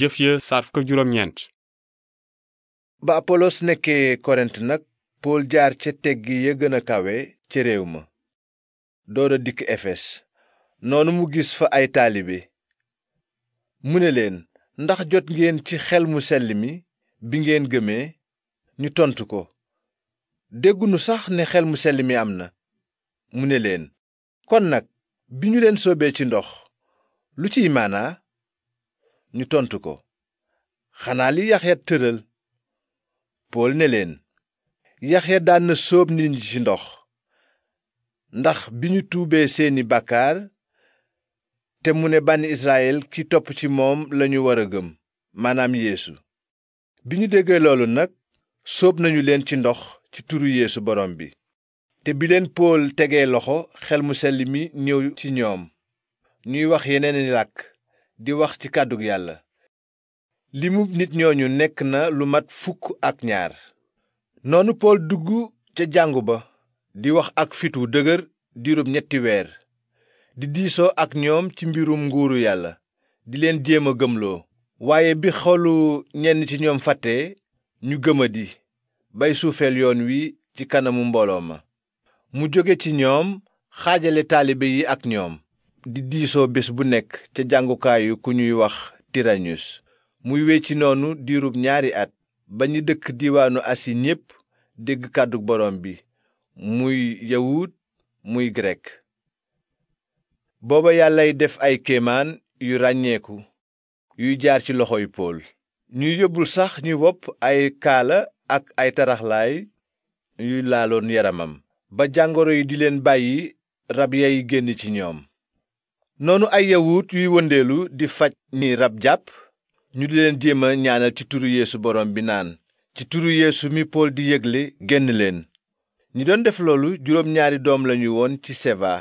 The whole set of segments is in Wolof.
jëf ya saar fukk ak juróom ba apolos nekkee korent nag pool jaar ca teggi ya gën a kawe ca réew ma doora dikk efes noonu mu gis fa ay taalibe mu ne leen ndax jot ngeen ci xel mu sell mi bi ngeen gëmee ñu tontu ko déggunu sax ne xel mu selli mi am na mu ne leen kon nag bi ñu leen sobee ci ndox lu ciy maanaa ñu tontu ko xanaa li yaxya tëral pool ne leen yaxya daan na sóob nit ñi ci ndox ndax bi ñu tuubee seeni bàkkaar te mu ne bànni israyil ki topp ci moom lañu war a gëm maanaam yéesu bi ñu déggee loolu nag sóob nañu leen ci ndox ci turu yeesu borom bi te bi leen pool tegee loxo xel mu selli mi ñëw ci ñoom ñuy wax yeneeni làkk di wax ci kàddu yàlla limub nit ñooñu nekk na lu mat fukk ak ñaar noonu pool dugg ca jàngu ba di wax ak fit wu dëgër diirub ñetti weer di diisoo ak ñoom ci mbirum nguuru yàlla di leen jéem a gëmloo waaye bi xoolu ñenn ci ñoom fàtte ñu gëmadi bay suufeel yoon wi ci kanamu mbooloo ma mu jóge ci ñoom xaajale taalibe yi ak ñoom di diisoo bés bu nekk ca jàngukaayu ku ñuy wax tiranus muy wecci noonu diirub ñaari at ba ñu dëkk diiwaanu asi ñépp dégg kàddu borom bi muy yawut muy grek booba yàllay def ay kéemaan yu ràññeeku yuy jaar ci loxoy pool ñuy yóbbul sax ñuy wopp ay kaala ak ay taraxlaay yuy laaloon yaramam ba jàngoro yi di leen bàyyi rab yay génn ci ñoom noonu ay yawut yuy wëndeelu di faj ni rab jàpp ñu di leen jéema ñaanal ci turu yeesu borom bi naan ci turu yéesu mi pool di yëgle génn leen ñi doon def loolu juróom ñaari doom lañuy woon ci seva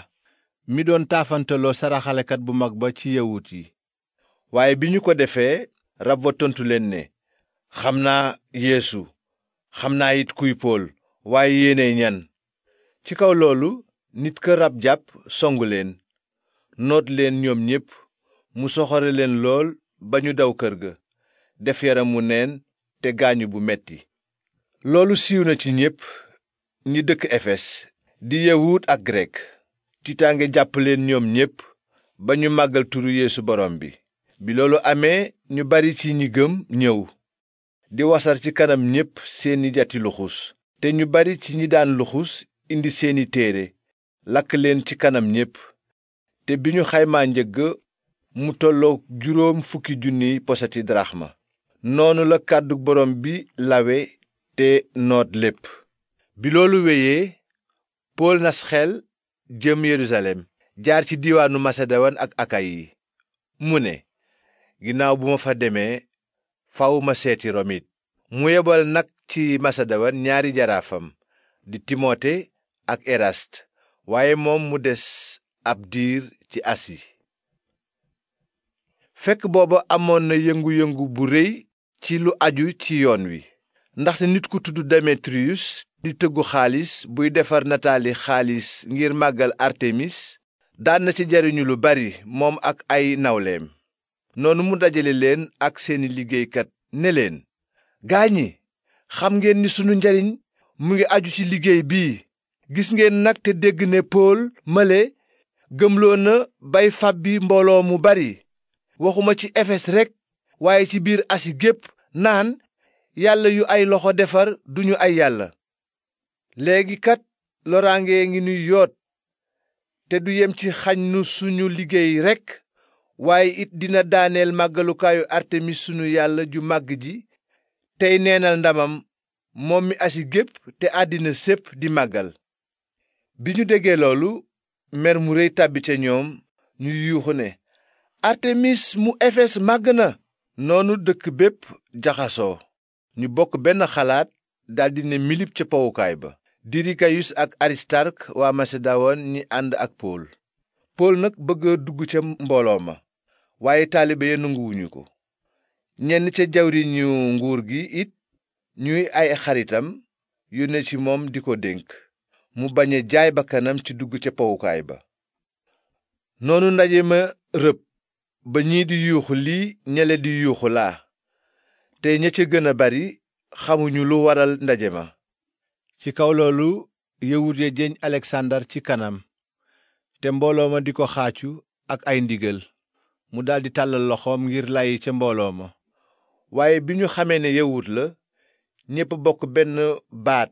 mi doon taafantaloo saraxalekat bu mag ba ci yawut yi waaye bi ñu ko defee rab wa tontu leen ne xam naa yéesu xam naa it kuy pool waaye yéene ñan ci kaw loolu nit ka rab jàpp songu leen noot leen ñoom ñépp mu soxore leen lool ba ñu daw kër ga def yaram mu neen te gaañu bu metti loolu siiw na ci ñépp ñi dëkk efes di yawut ak grek tiitaange jàpp leen ñoom ñépp ba ñu màggal turu yeesu borom bi bi loolu amee ñu bari ci ñi gëm ñëw di wasar ci kanam ñépp seeni jati luxus te ñu bari ci ñi daan luxus indi seeni téere lakk leen ci kanam ñépp te bi ñu xaymaa njëg mu tollook juróom fukki junniy posati daraxma noonu la kàddu borom bi lawe te noot lépp bi loolu wéyee pool nas xel jëm yerusalem jaar ci diiwaanu maseduwaan ak akayi mu ne ginnaaw bu ma fa demee faw ma seeti romit mu yebal nag ci maseduwaan ñaari jaraafam di timote ak erast waaye moom mu des ab diir ci asi fekk booba amoon na yëngu-yëngu bu rëy ci lu aju ci yoon wi ndaxte nit ku tudd demetriyus di tëggu xaalis buy defar nataali xaalis ngir màggal artemis daan ci jariñu lu bari moom ak ay nawleem noonu mu dajale leen ak seeni liggéeykat ne leen gaañi xam ngeen ni sunu njariñ mu ngi aju ci liggéey bii gis ngeen nag te dégg ne pool male gëmloon na bay fab bi mbooloo mu bari waxuma ci efes rekk waaye ci biir asi gépp naan yàlla yu ay loxo defar duñu ay yàlla léegi kat loraange ngi nuy yoot te du yem ci xañ nu suñu liggéey rekk waaye it dina daaneel màggalukaayu artemis sunu yàlla ju màgg ji tey neenal ndamam moom mi asi gépp te àddina sépp di màggal bi ñu déggee loolu mer mu rëy tàbbi ca ñoom ñu yuuxu ne artemis mu efes màgg na noonu dëkk bépp jaxasoo ñu bokk benn xalaat daldi ne milib ca powukaay ba dirikayus ak aristark waa maseduwaan ñi ànd ak pool pool nag bëgg dugg ca mbooloo ma waaye taalibe ya nanguwuñu ko ñenn ca jawriñu nguur gi it ñuy ay xaritam yu ne ci moom di ko dénk mu bañ a jaay bakkanam ci dugg ca powukaay ba noonu ndaje ma rëb ba ñii di yuuxu lii ñele di yuuxu laa te ña ca gën a bari xamuñu lu waral ndaje ma ci kaw loolu yawut ya jeñ aleksandar ci kanam te mbooloo ma di ko xaacu ak ay ndigal mu daldi tàllal loxoom ngir lay ca mbooloo ma waaye bi ñu xamee ne yawut la ñépp bokk benn baat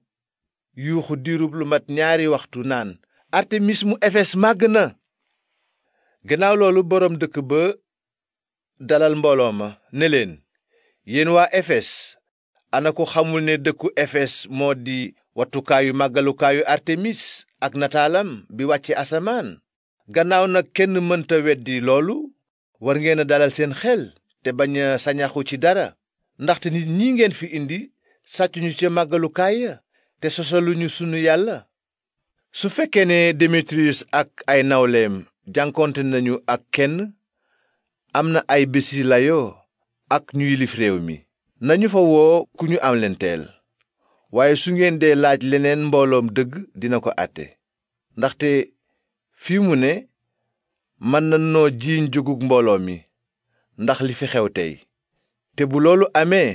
yuuxu diirub lu mat ñaari waxtu naan artemis mu efes màgg na gannaaw loolu boroom dëkk ba dalal mbooloo ma ne leen yéen waa efes ana ko xamul ne dëkku efes moo di wattukaayu màggalukaayu artemis ak nataalam bi wàcce asamaan gannaaw nag kenn mënta weddi loolu war ngeen a dalal seen xel te bañ a sañaxu ci dara ndaxte nit ñi ngeen fi indi sàccuñu ca màggalukaay te sosaluñu sunu yàlla su fekkee ne demetrius ak ay nawleem jànkonte nañu ak kenn am na ay bési layoo ak ñu yilif réew mi nañu fa woo ku ñu am lenteel waaye su ngeen dee laaj leneen mbooloom dëgg dina ko àtte ndaxte fii mu ne mën na noo jiiñ jógug mbooloo mi ndax li fi xew tey te bu loolu amee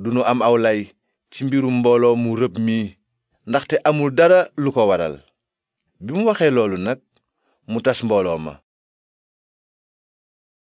du nu am aw lay ci mbirum mbooloo mu rëb mi ndaxte amul dara lu ko waral bi mu waxee loolu nag mu tas mbooloo ma